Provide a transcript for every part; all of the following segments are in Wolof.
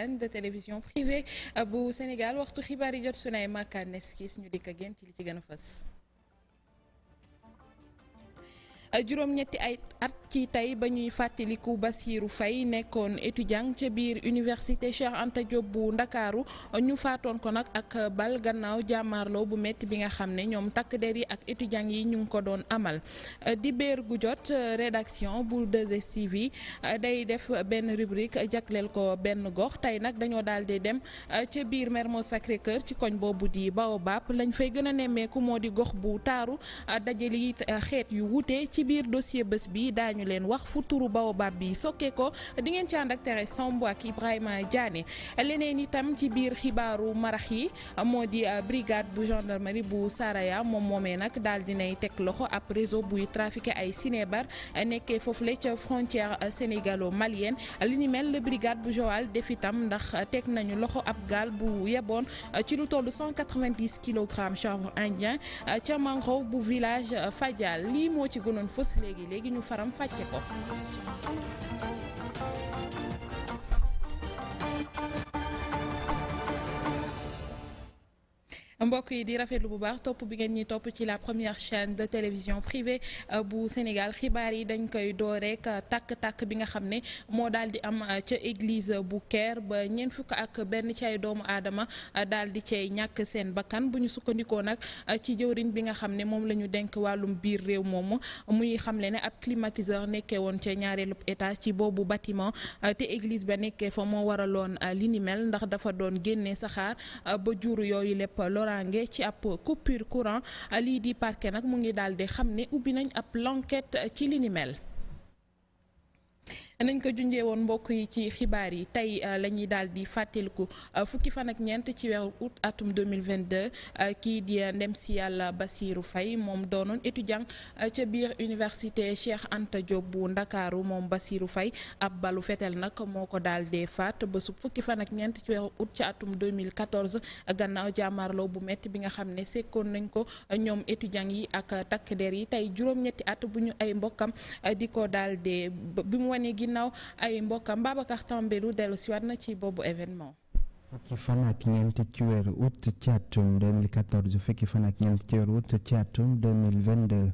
chaîne de télévision privée bu Sénégal waxtu xibaar yi jot su nay màkkaane skis ñu dikk ak ci li ci gën a fës juróom-ñetti ay at ci tey ba ñuy fàttaliku Bassirou Faye nekkoon étudiant ca biir université Cheikh Anta bu Ndakaaru ñu faatoon ko nag ak bal gannaaw jàmmaarloo bu metti bi nga xam ne ñoom takk der yi ak étudiant yi ñu ngi ko doon amal di béer gu jot rédaction bu 2STV day def benn rubrique jagleel ko benn gox tey nag dañoo daal di dem euh, ca biir Mermoz Sacré-Cœur ci koñ boobu di Baobab lañ fay gën a nemmeeku moo di gox bu taaru euh, dajale euh, xeet yu wuute ci biir dossier bés bi daañu leen wax fu turu baobab bi sokke ko di ngeen ci ànd ak Tere Samb ak Ibrahima Diané leneen itam ci biir xibaaru marax yi moo di euh, brigade bu gendarmerie bu Saraya moom moomee nag daal dinay teg loxo ab réseau buy trafiqué ay sinébar euh, nekkee foofu foofule ca frontière euh, sénégalo-malienne li ni mel la brigade bu Joal def itam ndax teg nañu loxo ab gaal bu yeboon ci lu tollu 190 kilogrammes chanvre indien ca mangrove bu village Fadial lii moo ci fës léegi léegi ñu faram fàcce ko mbokk yi di rafetlu bu baax topp bi ngeen ñuy topp ci la première chaîne de télévision privée euh, bu Sénégal xibaar yi dañ koy door rek euh, tàkk-tàkk bi nga xam ne moo daal di am euh, ca église bu Caire ba ñeent fukk ak benn ci doomu aadama daal di cay ñàkk seen bakkan bu ñu sukkandikoo nag ci jëwriñ bi nga xam ne moom la ñu denk wàllum biir réew moomu muy xamle ne ab climatiseur nekkee woon ca ñaareelu étage ci boobu batiment te église ba nekkee fa moo waraloon li ni mel ndax dafa doon génnee saxaar ba juru yooyu lépp loraange ci ab coupure courant lii di parquet nag mu ngi daal di xam ne ubbi nañ ab l'enquête ci li nañ ko junjee woon mbokk yi ci xibaar yi tey euh, la ñuy daal di fàttaliku euh, fukki fan ak ñeent ci weeru août atum 2022 euh, kii di ndem si yàlla Bassirou Faye moom doonoon étudiant ca biir université Cheikh Anta Diop bu Ndakaaru moom Bassirou Faye ab balu fetel nag moo ko daal dee faat bésub fukki fan ak ñeent ci weeru août ci atum 2014 gannaaw jàmmaarloo bu metti bi nga xam ne sekkoon nañ ko ñoom étudiant yi ak takk der yi tey juróom-ñetti at bu ñu ay mbokkam di ko daal dee bi ginnaaw ay mbokkam Babacar Tambelou dellu siwaat na ci boobu événement. fukki fan ak ñeent ci weeru août ci atum 2014 fukki fan ak ñeent ci weeru août ci atum 2022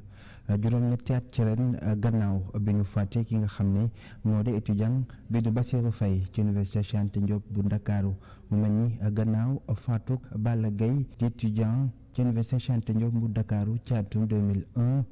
juróom-ñetti at ci ren gannaaw bi ñu fàtte ki nga xam ne moo di étudiant bi du Bassirou Faye ci université Cheikh Anta Diop bu Ndakaaru mu mel ni gannaaw faatuk Balla Gaye di étudiant ci université bu Ndakaaru ci atum 2001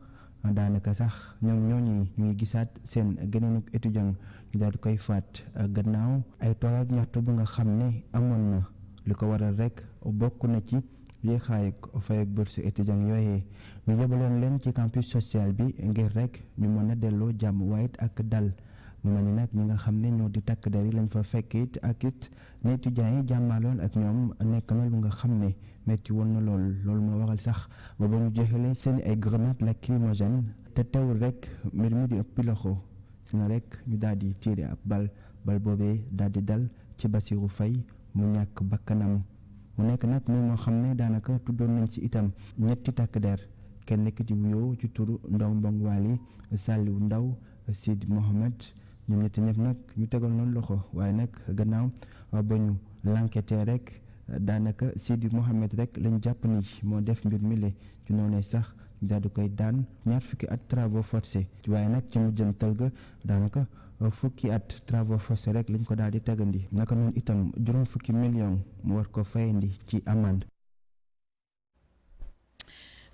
daanaka sax ñoom ñooñu ñu ngi gisaat seen geneenuk étudiant ñu daal di koy faat euh, gannaaw ay tool ñaxtu bu nga xam ne amoon na li ko waral rek bokk na ci yéexaayug fayug bourse étudiant yooye ñu yebaloon leen ci campus social bi ngir rek ñu mën a delloo jàmm waaye it ak dal mu mel ni nag ñi nga xam ne ñoo di takk der yi lañ fa fekk it ak it ne étudiants yi jàmmaaloon ak ñoom nekk na lu nga xam ne. metti woon na lool loolu moo waral sax ba ba ñu jeexalee seen ay grenades lacrymogènes te teewul rek mbir mi di ëpp loxo si na rek ñu daal di tiire ab bal boobe boobee daal di dal ci Bassirou fay mu ñàkk bakkanam mu nekk nag moom moo xam ne daanaka tuddoon nañ ci itam ñetti takk der kenn ki ci wuyoo ci turu Ndong Mbong Waly Saliou Ndaw Sid Mohamed ñoom ñetti ñëpp ñu tegal noonu loxo waaye nag gannaaw ba ñu l'enquêteur rek daanaka Sidi Mohamed rek lañ jàpp ni moo def mbir mi le ci noonee sax ñu daal di koy daan ñaar fukki at travaux forcés waaye nag ci mujjantal ga daanaka at travaux forcés rek lañ ko dal di tegandi naka noonu itam juróom fukki million mu war ko fayandi ci amande.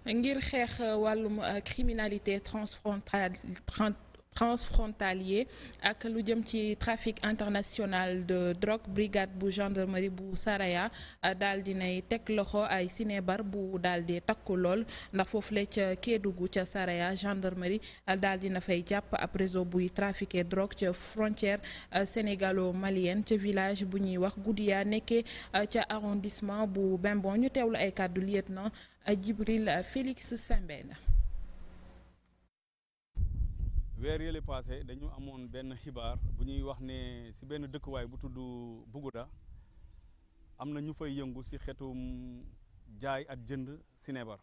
ngir xeex wàllum criminalité transfrontalière transfrontalier ak lu jëm ci trafic international de drogue brigade bu gendarmerie bu Saraya euh, daal dinay teg loxo ay sinébar bu dal di takku lool ndax foofu la ca Kédougou ca Saraya gendarmerie euh, daal dina fay jàpp ab buy trafique drogue ca frontière euh, sénégalo malien ca village bu ñuy wax Goudiya nekkee ca arrondissement bu Bembon ñu teew teewlu ay kàddu lieutenant Djibril Félix Sembène weer yële passé dañu amoon benn xibaar bu ñuy wax ne si benn dëkkuwaay bu tudd Buguda am na ñu fay yëngu si xetum jaay ak jënd si neebar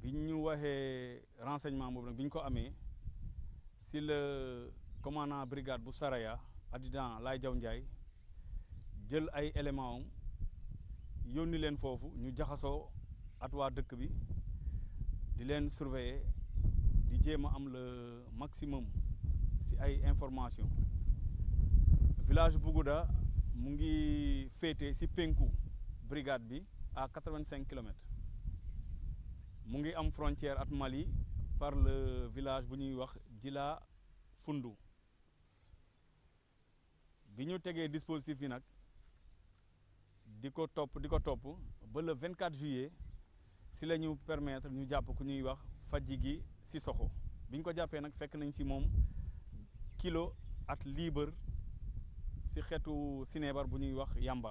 bi ñu waxee renseignement boobu nag bi ñu ko amee si le commandant brigade bu Saraya adjudant laay Diaw Ndiaye jël ay élément am leen foofu ñu jaxasoo at waa dëkk bi di leen surveiller di jéem a am le maximum si ay information village Bougoudda mu ngi féete si penku brigade bi à quatre-vingt-cinq kilomètres mu ngi am frontière at Mali par le village bu ñuy wax Djila Fundu bi ñu tegee dispositif bi nag di ko topp di ko topp ba le 24 juillet si la ñu ñu jàpp ku ñuy wax Fadjigi Sissoko biñ ko jàppee nag fekk nañ si moom kilo at libre si xeetu sinébar bu ñuy wax yamba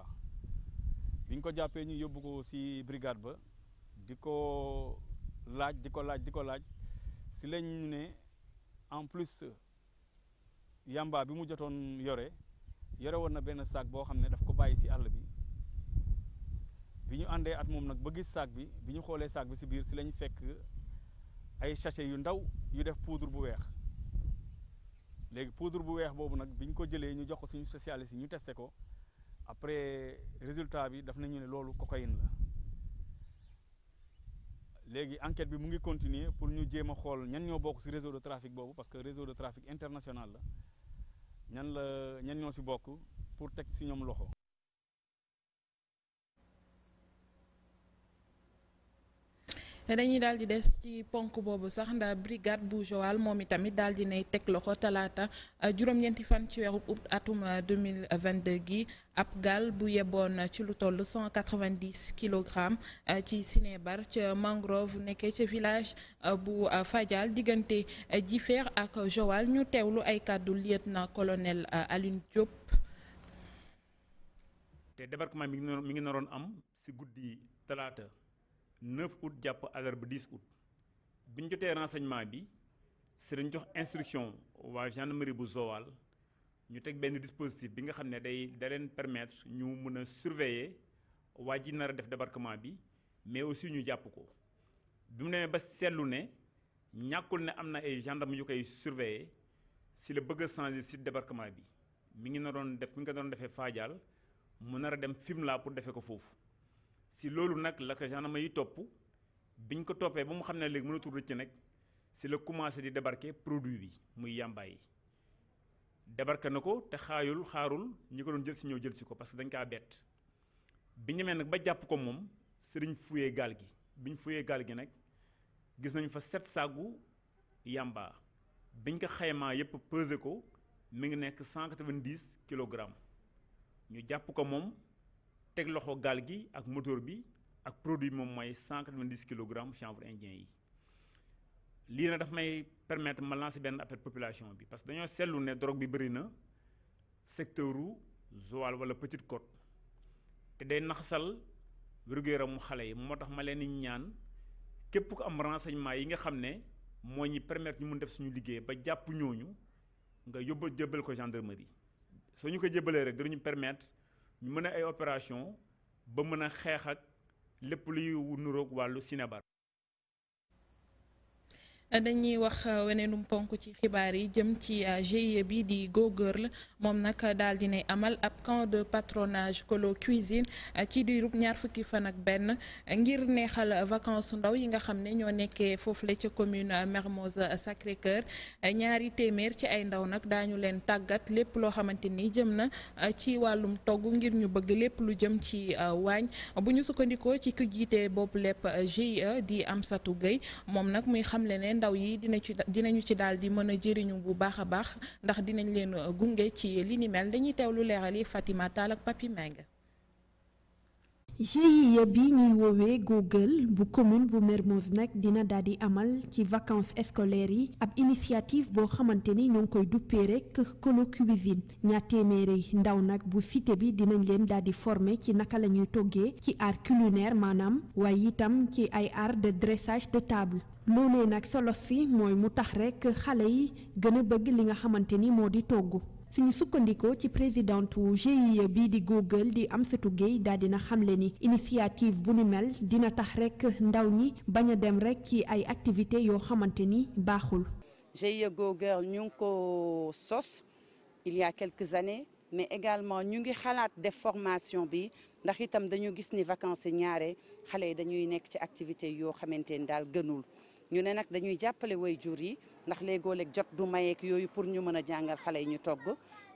biñ ko jàppee ñu yóbbu ko si brigade ba di ko laaj di ko laaj di ko laaj si lañ ne en plus yamba bi mu jotoon yore yore woon na benn saak boo xam ne daf ko bàyyi si àll bi bi ñu àndee at moom nag ba gis saak bi bi ñu xoolee saag bi si biir si lañ fekk ay sachet yu ndaw yu def poudre bu weex léegi poudre bu weex boobu nag bi ñu ko jëlee ñu jox ko suñu spécialiste yi ñu testé ko après résultat bi daf nañu ne loolu cocaïne la léegi enquête bi mu ngi continuer pour ñu jéem a xool ñan ñoo bokk si réseau de trafic boobu parce que réseau de trafic international la ñan la ñan ñoo ci bokk pour teg si ñoom loxo dañuy daal di des ci ponk boobu sax ndax brigade bu Joal moom itamit dal di nay teg loxo talaata euh, juróom fan ci weeru août atum 2022 euh, gi ab gaal bu yeboon ci lu toll 190 kilogrammes euh, ci Sinébar ca mangrove nekkee ca village bu Fadial diggante Jifeer ak Joal ñu teewlu ay kàddu na kolonel Alioune Diop. te débarquement mi ngi naroon am ci guddi talaata. 9 août jàpp àllarba diis août bi ñu jotee renseignement bi si dañ jox instruction waa gendarmerie bu Joal ñu teg benn dispositif bi nga xam ne day da leen permettre ñu mën a surveiller waa ji nar def débarquement bi mais aussi ñu jàpp ko bi mu demee ba seetlu ne ñàkkul ne am na ay gendarme yu koy surveiller si la bëgg changé changer site bi mi ngi na doon def mi ngi ko doon defee Fadial mu nar a dem Fimela pour defee ko foofu. ci loolu nag la ko gendarme yi topp biñ ko toppee ba mu xam ne léegi mënatul rëcc nag si la commencé di débarquer produit bi muy yàmbaay yi débarqué na ko te xaayul xaarul ñi ko doon jël si ñëw jël si ko parce que dañ kaa bett bi ñemee nag ba jàpp ko moom sëriñ fuyee gaal gi biñ fuye gaal gi nag gis nañu fa set sàggu yàmbaa biñ ko xaymaa yépp pesé ko mu ngi nekk cent 190 kilogrammes ñu jàpp ko moom teg loxo gaal gi ak moteur bi ak produit bi moom mooy 190 kilogrammes chanvre indien yi lii nag daf may permettre ma lancer benn appel population bi parce que dañoo seetlu ne drogue bi bëri na secteur u Joal wala Petite code te day naxasal wér-gu-yaramu xale yi moo tax ma leen di ñaan képp ku am renseignement yi nga xam ne moo ñi permettre ñu mun def suñu liggéey ba jàpp ñooñu nga yóbbal jébbal ko gendarmerie soo ñu ko jébbalee rek dinañu permettre. ñu mën a ay opération ba mën a xeex ak lépp luy nuroog wàllu sinébar dañuy wax euh, weneenum ponk ci xibaar yi jëm ci euh, GIE bi di Go Girl moom nag daal dinay amal ab camp de patronage colo cuisine euh, ci diirub ñaar fukki fan ak benn ngir neexal vacances ndaw yi nga xam ne ñoo nekkee foofu la ca commune Mermoz Sacré-Cœur ñaari téeméer ci ay ndaw nag daañu leen tàggat lépp loo xamante ni jëm na ci wàllum togg ngir ñu bëgg lépp lu jëm ci waañ bu ñu sukkandikoo ci ku jiite bopp lépp GIE di Amsatou Gueye moom nag muy xamle ne taw yii dina ci dinañu ci daal di mën a jëriñu bu baax a baax ndax dinañ leen gunge ci li ni mel dañuy teewlu leeral yi Fatima ak Papi GIE bi ñuy woowee Google bu commune bu Mermoz nag dina daal di amal ci vacance scolaires yi ab initiative boo xamante ni ñoo ngi koy duppee rek colo cuisine ñaar téeméeri ndaw nag bu cité bi dinañ leen daal di former ci naka la ñuy toggee ci art culinaire maanaam waaye itam ci ay art de dressage de table. loolee nag solo si mooy mu tax rek xale yi gën a bëgg li nga xamante ni moo di togg. suñu sukkandiku ci présidente présidentu GIE bii di Google di Amsatou Gueye daal dina xamle ni initiative bu ni mel dina tax rek ndaw ñi bañ a dem rek ci ay activités yoo xamante ni baaxul. GIE Google ñu ngi ko sos il y quelques années mais également ñu ngi xalaat def formation bi ndax itam dañu gis ni vacances ñaare xale yi dañuy nekk ci activité yoo xamante ni daal gënul. ñu ne nag dañuy jàppale waajur yi ndax léegooleeg jot du mayeek yooyu pour ñu mën a jàngal xale yi ñu togg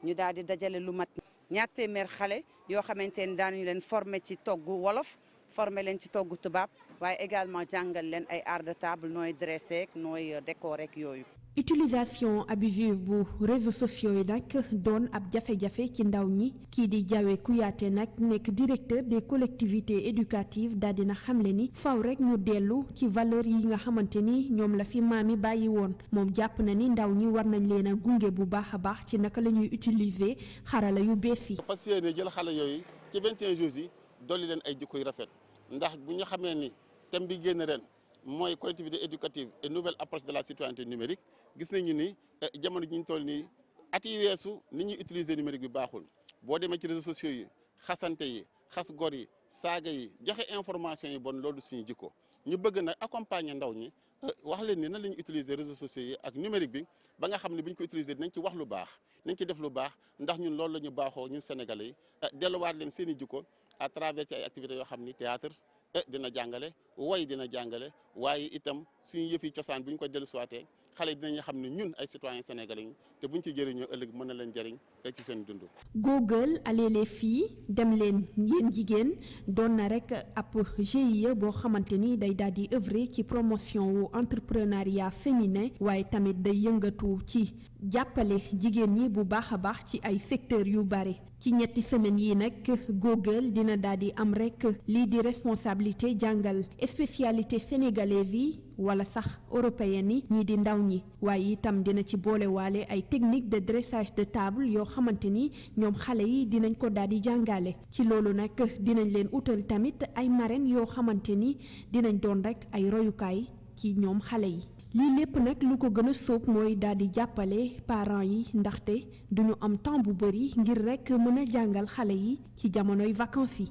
ñu daal di dajale lu mat ñaar téeméer xale yoo xamante ni daañu leen former ci togg wolof forme leen ci togg tubaab waaye également jàngal leen ay art de table nooy dressé nooy décoré yooyu utilisation abusive bu réseaux sociaux yi nag doon ab jafe-jafe ci ndaw ñi kii di Diawe Kouyaté nag nekk directeur des collectivité éducative daal dina xamle ni faw rek ñu dellu ci valeur yi nga xamante ni ñoom la fi maam yi bàyyi woon moom jàpp na ni ndaw ñi war nañ leen a gunge bu baax a baax ci naka la ñuy utiliser xarala yu bees yi. fas yéene jël xale yooyu ci 21 jours dolli leen ay jikko rafet ndax bu ñu xamee ni thème bi génn ren. mooy collectivité éducative et nouvelle approche de la citoyenneté numérique gis nañu ni eh, jamono ji ñu toll nii at yi weesu ni ñuy utiliser numérique bi baaxul boo demee ci réseaux sociaux yi xasante yi xas gor yi saaga yi joxe information yi bon loolu si suñu jikko ñu bëgg na accompagner ndaw ñi eh, wax leen ni nan la utiliser réseaux sociaux yi ak numérique bi ba nga xam ne bu ñu ko utiliser nañ ci wax lu baax nañ ci def lu baax ndax ñu loolu la ñu baaxoo ñu sénégalais yi eh, leen seen i jikko à travers ci yoo xam ni théâtre e dina jàngale way dina jàngale waaye itam suñu yëfi cosaan bu ñu ko dellu suwaatee xale dinañu xam ne ñun ay citoyen sénégalin yi te buñ ci jëriñoo ëllëg mën na leen jariñ rek eh, ci seen dund. Google allez les filles dem leen yéen jigéen doon na rek ab GIE boo xamante ni day daal di œuvrer ci promotion wu entrepreneuriat féminin waaye tamit day yëngatu ci jàppale jigéen ñi bu baax a baax ci ay secteurs yu bare. ci ñetti semaines yi nag Google dina daal di am rek lii di responsabilité jàngal spécialité sénégalaise yi wala sax européenne yi ñii di ndaw ñi waaye itam dina ci boolewaale ay technique de dressage de table yoo xamante ni ñoom xale yi dinañ ko daal di jàngale ci loolu nag dinañ leen utal tamit ay marraines yoo xamante ni dinañ doon rek ay royukaay ci ñoom xale yi lii lépp nag lu ko gën a sóob mooy daal di jàppale parent yi ndaxte duñu am temps bu bari ngir rekk mën a jàngal xale yi ci jamonoy vacances yi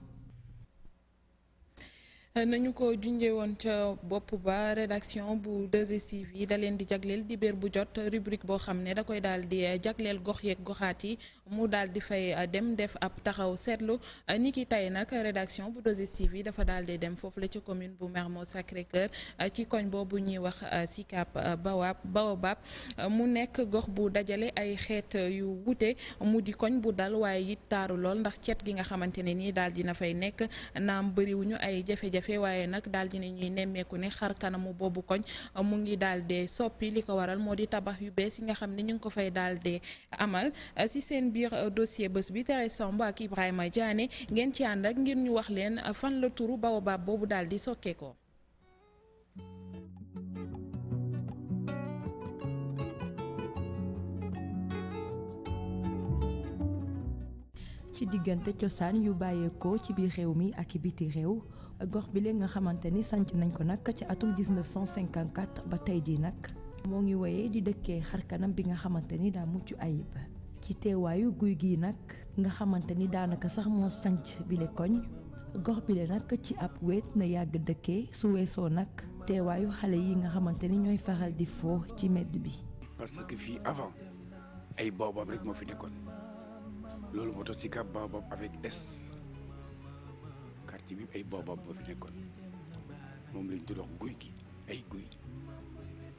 nañu ko junjee woon ca bopp ba rédaction bu 2STV yi da leen di jagleel dibéer bu jot rubrique boo xam ne da koy daal di eh, jagleel gox yeeg goxaat yi mu dal di fay eh, dem def ab taxaw seetlu eh, ni ki tey nag rédaction bu 2STV yi dafa daal di dem foofu la ci commune bu Mermoz Sacré-Cœur ci koñ boobu ñuy wax Sicap Baobab Baobab mu nekk gox bu dajale ay xeet yu wuute mu di koñ bu dal waaye it taaru lool ndax cet gi nga xamante ne nii daal dina fay nekk naam bëriwuñu ay jafe-jafe jafe-jafe waaye nag daal di nañuy nemmeeku ne xar kanamu boobu uh, ngi daal de soppi li ko waral moo di tabax yu bees yi nga xam ne ñu ngi ko fay daal amal uh, si seen biir uh, dossier bés bi Tere Samb ak Ibrahima Diané ngeen ci ànd ak ngir ñu wax leen fan la turu baobab boobu daal di sokkeekoo. ci diggante cosaan yu bàyyeekoo ci biir réew mi ak biti réew gox bi léegi nga xamante ni sanc nañ ko nag ci atum 1954 ba tey jii nag moo ngi woyee di dëkkee xarkanam bi nga xamante ni daa mucc ayib ci teewaayu guy gii nag nga xamante ni daanaka sax moo sanc bi koñ gox bi bile nag ci ab wéet na yàgg dëkkee su weesoo nag teewaayu xale yi nga xamante ni ñooy faral di foo ci medd bi parce que avant ay baobab rek moo fi nekkoon loolu moo si ka baobab avec S quartier bi ay boobaab moo fi nekkoon moom lañ doon wax guy gi ay guy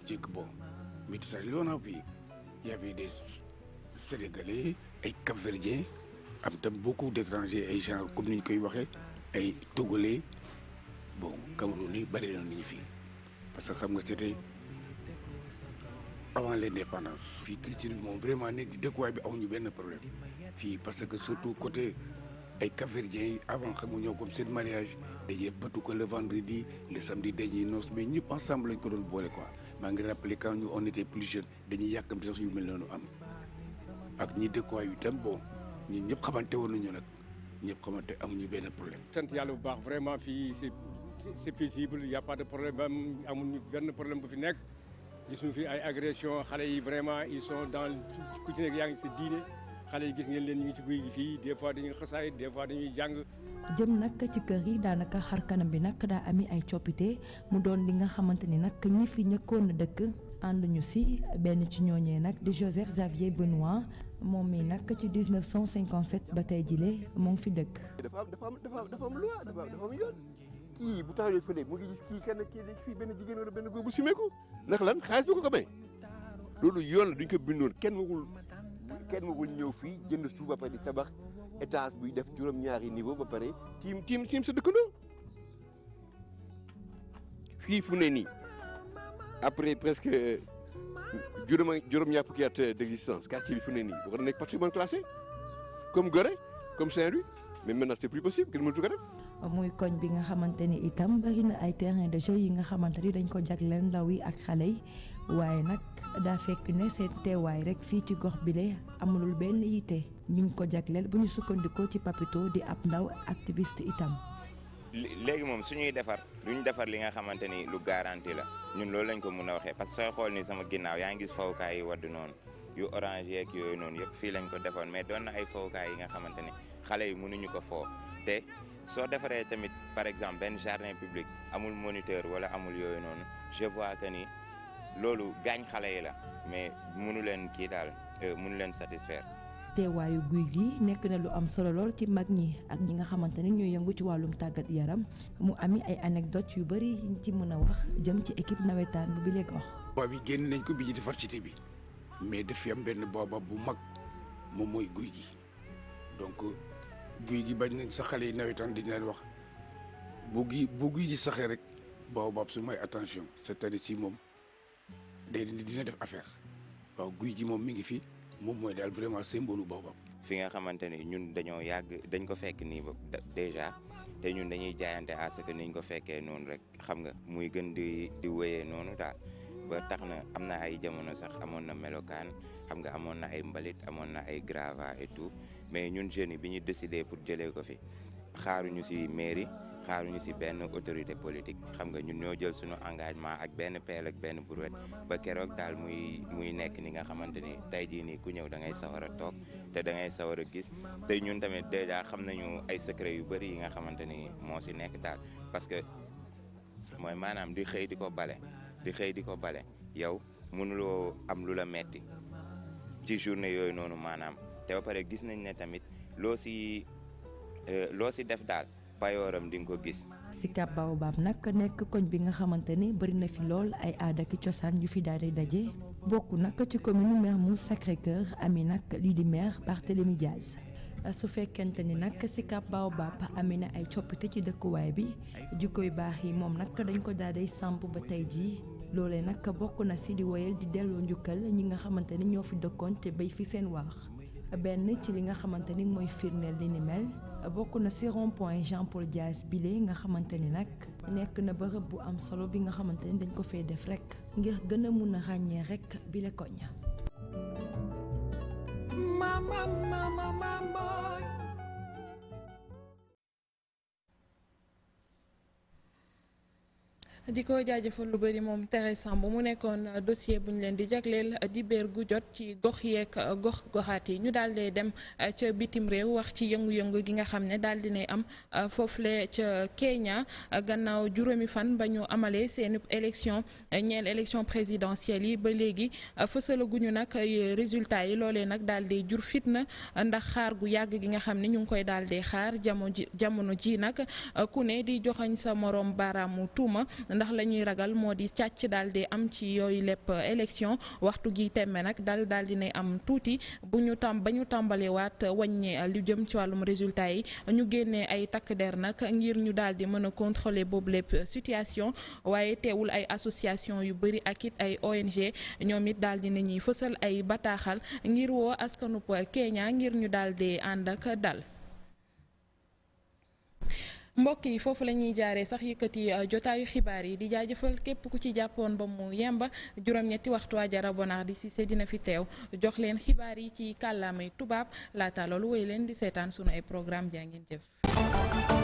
jégg bon mais ça li on a vu y avait des ay cap-verdiens am tam beaucoup d'étrangers ay genre comme niñ koy waxee ay togolais bon Cameroun yi bëri na parce que xam nga c'était avant l'indépendance fii culture bi vraiment ne di dëkkuwaay bi amuñu benn problème fii parce que surtout côté ay Capverdiens yi avant xamuñoo comme seen mariage dañuy patu ko le vendredi le samedi dañuy noos mais ñëpp ensemble lañ ko doon boole quoi maa ngi rappelé quand ñu on était plus jeune dañuy yàkkamti sax yu mel noonu am ak ñi dëkkuwaay yu tam boo ñun ñëpp xamante woon nañu nag ñëpp xamante amuñu benn problème. sant yàlla bu baax vraiment fii c'est c'est paisible y a pas de problème amuñu benn problème bu fi nekk gisuñu fi ay agression xale yi vraiment ils sont dans ku ci yaa ngi ci diine. xale yi gis ngeen leen ñu ngi ci guy gi fii des fois dañuy xasaay des dañuy jàng. jëm nag ci kër yi daanaka xar kanam bi nag daa ami ay coppite mu doon li nga xamante ni nag ñi fi ñëkkoon dëkk ànd ñu si benn ci ñooñee nag di Joseph Xavier Benoît moom mi nag ci 1957 ba tey jile mu ngi fi dëkk. dafa am dafa am dafa am loi dafa am yoon kii bu taxawee fële mu ngi gis kii kenn benn jigéen wala benn góor bu simeeku. ndax lan xaalis bi ko ko may loolu yoon la duñ ko bindoon kenn waxul. kenn waxul ñëw fii jënd suuf ba pare di tabax étage buy def juróom-ñaari niveau ba pare tiim tiim tiim sa dëkkandoo fii fu ne nii après presque juróom juróom-ñaar fukki at d'existence quartier bi fu ne nii war na nekk patrimoine classé comme Gorée comme Saint-Louis mais maintenant c'est plus possible kenn mënatu ko def. muy koñ bi nga xamante ni itam bari na ay terrain de jeu yi nga xamante ni dañ ko jagleel ndaw yi ak xale yi. waaye nag daa fekk ne seen teewaay rek fii ci gox bi bile amulul benn yitte ñu ko jagleel bu ñu sukkandiku ci papito di ab ndaw activiste itam. léegi moom suñuy defar duñ defar li nga xamante ni lu garanti la ñun loolu lañ ko mën a waxee parce que sooy xool ni sama ginnaaw yaa ngi gis fawukaay yi wadd noonu yu orange yeeg yooyu noonu yëpp fii lañ ko defoon mais doon na ay fawukaay yi nga xamante ni xale yi mënuñu ko foo te soo defaree tamit par exemple benn jardin public amul moniteur wala amul yooyu noonu je vois que ni. loolu gaañ xale yi la mais mënu leen kii daal euh, mënu leen satisfaire. teewaayu guy gi nekk na lu am solo lool ci mag ñi ak ñi nga xamante ne ñooy yëngu ci wàllum tàggat yaram mu ami ay anecdote yu bëri yi ci mën a wax jëm ci équipe nawetaan bi bi léegi wax. booba bi génn nañ ko bi ci diversité bi mais daf yam benn booba bu mag moom mooy guy gi donc guy gi bañ nañ sa xale yi nawetaan dañ leen wax bu gi bu guy gi saxee rek booba su may attention sa à dire si moom. day dina def affaire waaw guy ji moom mi ngi fi moom mooy daal vraiment symbole baobab. fi nga xamante ni ñun dañoo yàgg dañ ko fekk nii ba déjà te ñun dañuy jaayante à ce que niñ ko fekkee noonu rek xam nga muy gën di di wéyee noonu daal ba tax na am na ay jamono sax amoon na melokaan xam nga amoon na ay mbalit amoon na ay grava et tout mais ñun jeunes yi bi ñu décidé pour jëlee ko fi xaaruñu si mairie. ñu si benn autorité politique xam nga ñun ñoo jël suñu engagement ak benn peel ak benn brouette ba keroog daal muy muy nekk ni nga xamante ni tey jii nii ku ñëw da ngay sawar a toog te da ngay sawar a gis te ñun tamit dèjà xam nañu ay secret yu bëri yi nga xamante ni moo si nekk daal parce que mooy maanaam di xëy di ko bale di xëy di ko bale yow mënuloo am lu la metti ci journée yooyu noonu maanaam te ba pare gis nañ ne tamit loo si euh, loo si def daal payooram di nga ko gis. Sicap Baobab nag nekk koñ bi nga xamante ne bëri na fi lool ay aada ki cosaan yu fi daal di daje bokk nag ci commune Mermoz Sacré-Cœur amee nag lii di maire Barthélémy Diaz. su fekkente ni nag Sicap Baobab amee na ay coppite ci dëkkuwaay bi koy baax yi moom nag dañ ko daal di samp ba tey jii loolee nag bokk na si di woyal di delloo njukkal ñi nga xamante ni ñoo fi dëkkoon te béy fi seen waax. benn ci li nga xamante ni mooy firndeel li ni mel bokk na ci rond-point Jean Paul Diaz bile nga xamante ni nag nekk na bërëb bu am solo bi nga xamante ni dañ ko fee def rek ngir gën a mun a ràññee rek bile koñ. mama di ko jaajëfal lu bëri moom Tere Samb mu nekkoon euh, dossier bu ñu leen di jagleel euh, di gu jot ci gox yeeg euh, gox goxaat yi ñu daal di dem ca bitim réew wax ci yëngu-yëngu gi nga xam ne daal di nay am foofule ca Kenya gannaaw juróomi fan ba ñu amalee seen élection ñeel élection présidentielle yi ba léegi fësalaguñu nag résultat yi loolee nag daal di jur fitna ndax xaar gu yàgg gi nga xam ne ñu ngi koy daal di xaar jamono ji jamono ji nag ku ne di joxañ sa morom baaraamu tuuma. ndax lañuy ragal moo di càcc daal di am ci yooyu lépp élection waxtu gi temme nag dal daal di nay am tuuti bu ñu tam ba ñu tàmbalee waat wàññee lu jëm ci wàllum résultat yi ñu génnee ay takk der nag ngir ñu daal di mën a contrôler boobu lépp situation waaye teewul ay association yu bëri ak it ay ONG ñoom it daal di ñuy fësal ay bataaxal ngir woo askanub Kenya ngir ñu daal di ànd ak dal mbokk yi foofu la ñuy jaaree sax yëkkati euh, jotaayu xibaar yi di jaajëfal képp ku ci jàppoon ba mu yemba juróom-ñetti waxtu Ajara Bonaar di Cissé dina fi teew jox leen xibaar yi ci kàllaamay tubaab laata loolu woy leen di seetaan sunu ay programme jaa ngeen jëf